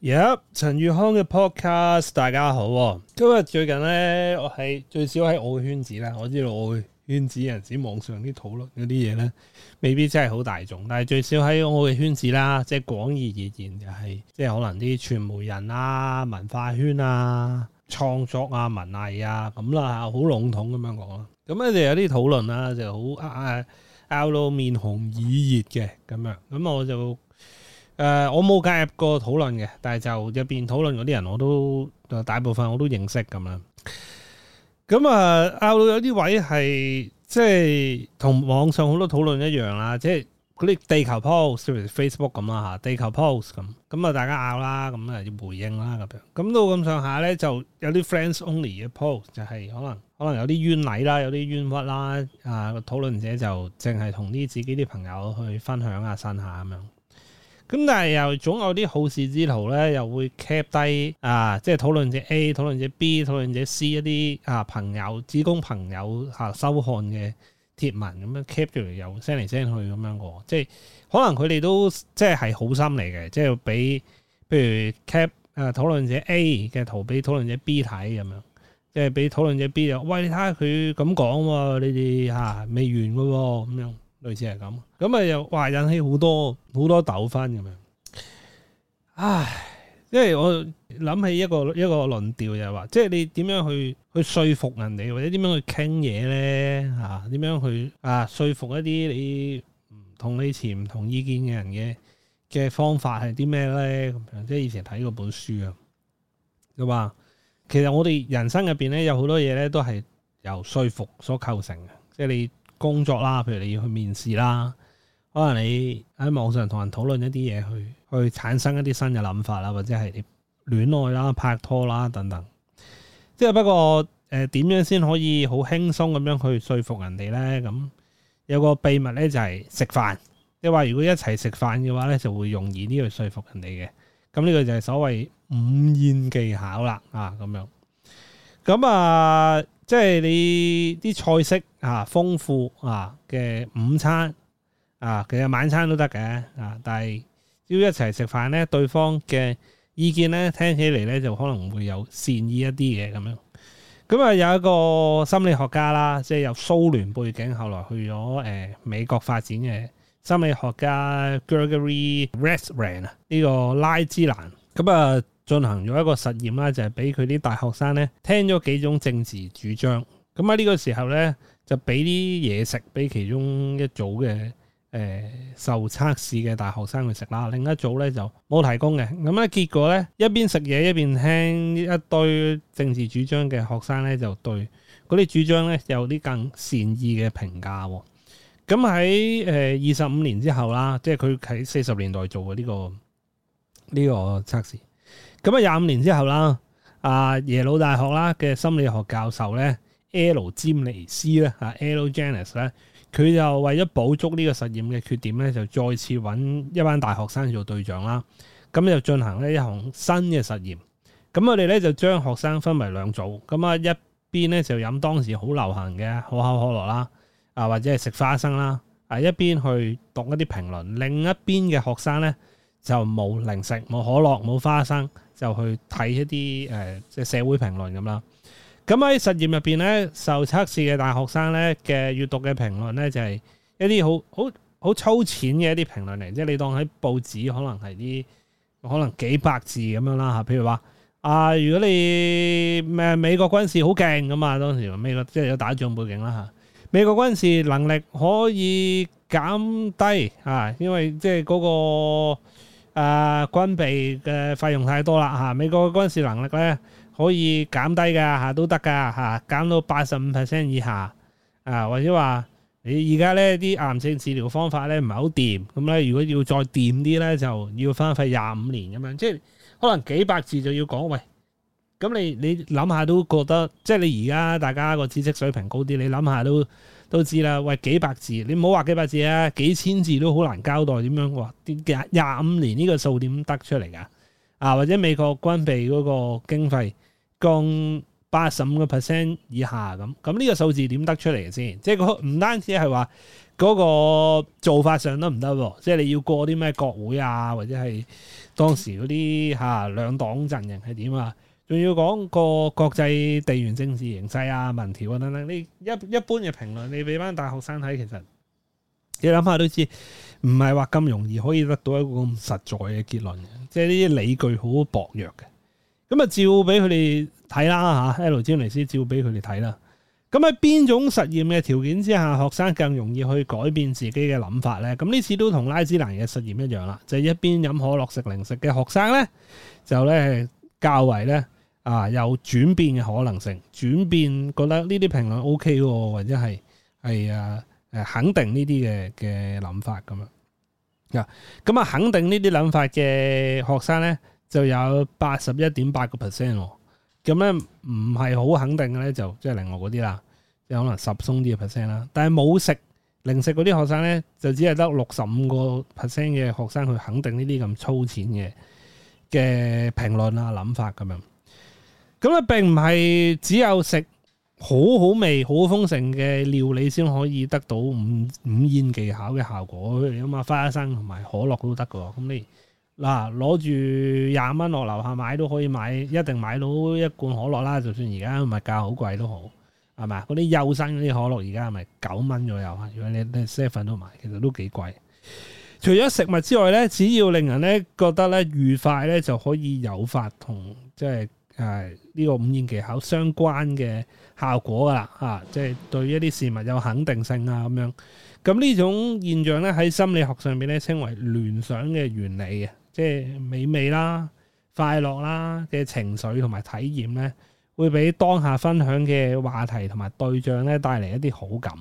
Yep, 陳月康嘅 podcast，大家好。今日最近咧，我係最少喺我嘅圈子啦。我知道我嘅圈子人指網上啲討論嗰啲嘢咧，未必真係好大眾。但係最少喺我嘅圈子啦，即係廣義而言，就係，就係即係可能啲傳媒人啊、文化圈啊、創作啊、文藝啊咁啦，好籠統咁樣講啦。咁咧就有啲討論啦，就好 o 誒拗到面紅耳熱嘅咁樣。咁我就。誒、呃，我冇加入過討論嘅，但係就入面討論嗰啲人，我都大部分我都認識咁啦。咁啊，拗到有啲位係即係同網上好多討論一樣啦，即係啲地球 post，例如 Facebook 咁啦吓地球 post 咁。咁啊，大家拗啦，咁啊要回應啦咁樣。咁到咁上下咧，就有啲 friends only 嘅 post，就係可能可能有啲冤禮啦，有啲冤屈啦。啊，討論者就淨係同啲自己啲朋友去分享，啊、下身下咁樣咁但係又總有啲好事之徒咧，又會 cap 低啊，即係討論者 A、討論者 B、討論者 C 一啲啊朋友、子供朋友、啊、收看嘅貼文咁樣 cap 住又 send 嚟 send 去咁樣喎，即係可能佢哋都即係係好心嚟嘅，即係俾譬如 cap 啊討論者 A 嘅圖俾討論者 B 睇咁樣，即係俾討論者 B 就喂，你睇下佢咁講喎，你哋吓未完嘅喎咁樣。類似係咁，咁啊又話引起好多好多糾紛咁樣，唉，即係我諗起一個一個論調，就係，又話即係你點樣去去說服人哋，或者點樣去傾嘢咧吓？點樣去，啊？說服一啲你同你前唔同意見嘅人嘅嘅方法係啲咩咧？咁樣即係以前睇過這本書啊，就話其實我哋人生入邊咧有好多嘢咧都係由說服所構成嘅，即係你。工作啦，譬如你要去面試啦，可能你喺網上同人討論一啲嘢，去去產生一啲新嘅諗法啦，或者係你戀愛啦、拍拖啦等等。即係不過，誒、呃，點樣先可以好輕鬆咁樣去說服人哋咧？咁有個秘密咧就係食飯。你話如果一齊食飯嘅話咧，就會容易啲去說服人哋嘅。咁呢個就係所謂午宴技巧啦，啊，咁樣。咁啊，即係你啲菜式啊豐富啊嘅午餐啊，其實晚餐都得嘅啊，但係只要一齊食飯咧，對方嘅意見咧，聽起嚟咧就可能會有善意一啲嘅咁樣。咁啊，有一個心理學家啦，即係由蘇聯背景，後來去咗誒、呃、美國發展嘅心理學家 Gregory Razran 啊，呢個拉茲蘭。咁啊。進行咗一個實驗啦，就係俾佢啲大學生咧聽咗幾種政治主張。咁喺呢個時候咧，就俾啲嘢食俾其中一組嘅誒、呃、受測試嘅大學生去食啦。另一組咧就冇提供嘅。咁咧結果咧，一邊食嘢一邊聽一堆政治主張嘅學生咧，就對嗰啲主張咧有啲更善意嘅評價。咁喺誒二十五年之後啦，即係佢喺四十年代做嘅呢個呢個測試。咁啊，廿五年之後啦，阿耶魯大學啦嘅心理學教授咧，El 詹尼斯咧，啊 El Janis 咧，佢就為咗補足呢個實驗嘅缺點咧，就再次揾一班大學生做對象啦。咁就進行呢一項新嘅實驗。咁我哋咧就將學生分為兩組。咁啊，一邊咧就飲當時好流行嘅可口可樂啦，啊或者係食花生啦，啊一邊去讀一啲評論。另一邊嘅學生咧。就冇零食，冇可樂，冇花生，就去睇一啲誒、呃，即係社會評論咁啦。咁喺實驗入邊咧，受測試嘅大學生咧嘅閱讀嘅評論咧，就係、是、一啲好好好粗淺嘅一啲評論嚟，即係你當喺報紙可能係啲可能幾百字咁樣啦吓。譬如話啊、呃，如果你美國軍事好勁㗎嘛，當時美國即係有打仗背景啦吓。美國軍事能力可以減低啊，因為即係嗰、那個。啊、呃，軍備嘅費用太多啦嚇、啊，美國嘅軍事能力咧可以減低嘅嚇、啊、都得噶嚇，減到八十五 percent 以下啊，或者話你而家咧啲癌症治療方法咧唔係好掂，咁咧、啊、如果要再掂啲咧就要花費廿五年咁樣，即係可能幾百字就要講喂。咁你你諗下都覺得，即係你而家大家個知識水平高啲，你諗下都都知啦。喂，幾百字你唔好話幾百字啊，幾千字都好難交代點樣話？啲廿五年呢個數點得出嚟㗎？啊，或者美國軍備嗰個經費降八十五個 percent 以下咁，咁呢個數字點得出嚟先？即係唔單止係話嗰個做法上得唔得喎，即係你要過啲咩國會啊，或者係當時嗰啲吓兩黨陣營係點啊？仲要講個國際地緣政治形勢啊、民調啊等等，呢一一般嘅評論，你俾返大學生睇，其實你諗下都知，唔係話咁容易可以得到一個咁實在嘅結論嘅，即係呢啲理據好薄弱嘅。咁啊，照俾佢哋睇啦吓，L. 詹尼斯照俾佢哋睇啦。咁喺邊種實驗嘅條件之下，學生更容易去改變自己嘅諗法咧？咁呢次都同拉芝蘭嘅實驗一樣啦，就係一邊飲可樂食零食嘅學生咧，就咧較為咧。啊，有轉變嘅可能性，轉變覺得呢啲評論 OK 喎，或者係係啊誒、啊、肯定呢啲嘅嘅諗法咁樣。嗱、啊，咁啊肯定呢啲諗法嘅學生咧，就有八十一點八個 percent 喎。咁咧唔係好肯定嘅咧，就即係另外嗰啲啦，即係可能十鬆啲嘅 percent 啦。但係冇食零食嗰啲學生咧，就只係得六十五個 percent 嘅學生去肯定呢啲咁粗淺嘅嘅評論啊諗法咁樣。咁啊，並唔係只有食好好味、好豐盛嘅料理先可以得到五五煙技巧嘅效果。你諗下花生同埋可樂都得㗎喎。咁你嗱攞住廿蚊落樓下買都可以買，一定買到一罐可樂啦。就算而家物價好貴都好，係咪啊？嗰啲幼生嗰啲可樂而家係咪九蚊左右啊？如果你啲 s e e 份都買，其實都幾貴。除咗食物之外咧，只要令人咧覺得咧愉快咧，就可以誘發同即係。係、這、呢個五言技巧相關嘅效果㗎啦，啊，即、就、係、是、對一啲事物有肯定性啊咁樣。咁呢種現象咧喺心理學上邊咧稱為聯想嘅原理嘅、啊，即係美味啦、快樂啦嘅情緒同埋體驗咧，會俾當下分享嘅話題同埋對象咧帶嚟一啲好感。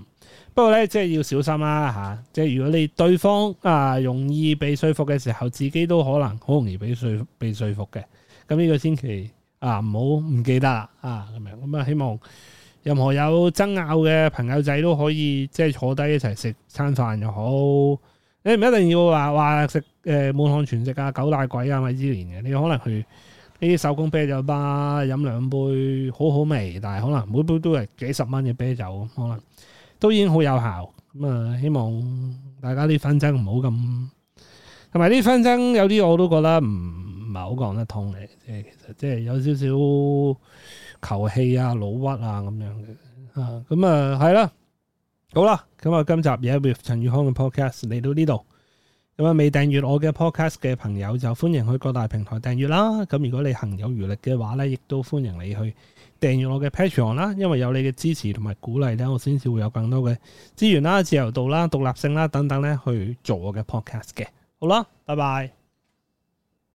不過咧，即係要小心啦、啊，嚇、啊！即係如果你對方啊容易被説服嘅時候，自己都可能好容易被説被説服嘅。咁呢個星期。啊，唔好唔記得啦，啊咁樣，咁啊希望任何有爭拗嘅朋友仔都可以即係坐低一齊食餐飯又好，你唔一定要話話食誒滿漢全席啊、九大簋啊、米芝蓮嘅，你可能去啲手工啤酒吧飲兩杯，好好味，但係可能每杯都係幾十蚊嘅啤酒咁，可能都已經好有效。咁啊，希望大家啲紛爭唔好咁，同埋啲紛爭有啲我都覺得唔～、嗯啊、好講得通嚟，即係其實即係有少少求氣啊、老屈啊咁樣嘅。啊咁啊係啦，好啦，咁啊今集嘢 with 陳宇康嘅 podcast 嚟到呢度，咁啊未訂閱我嘅 podcast 嘅朋友就歡迎去各大平台訂閱啦。咁如果你行有餘力嘅話咧，亦都歡迎你去訂閱我嘅 Patreon 啦。因為有你嘅支持同埋鼓勵咧，我先至會有更多嘅資源啦、自由度啦、獨立性啦等等咧去做我嘅 podcast 嘅。好啦，拜拜。